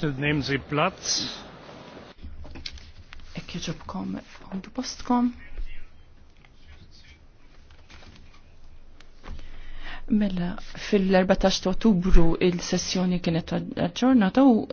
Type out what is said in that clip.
Nehmen Sie Platz. Ekkieġobkom, għandu postkom. Mela, fil-14 ottubru il-sessjoni kienet aġġornata u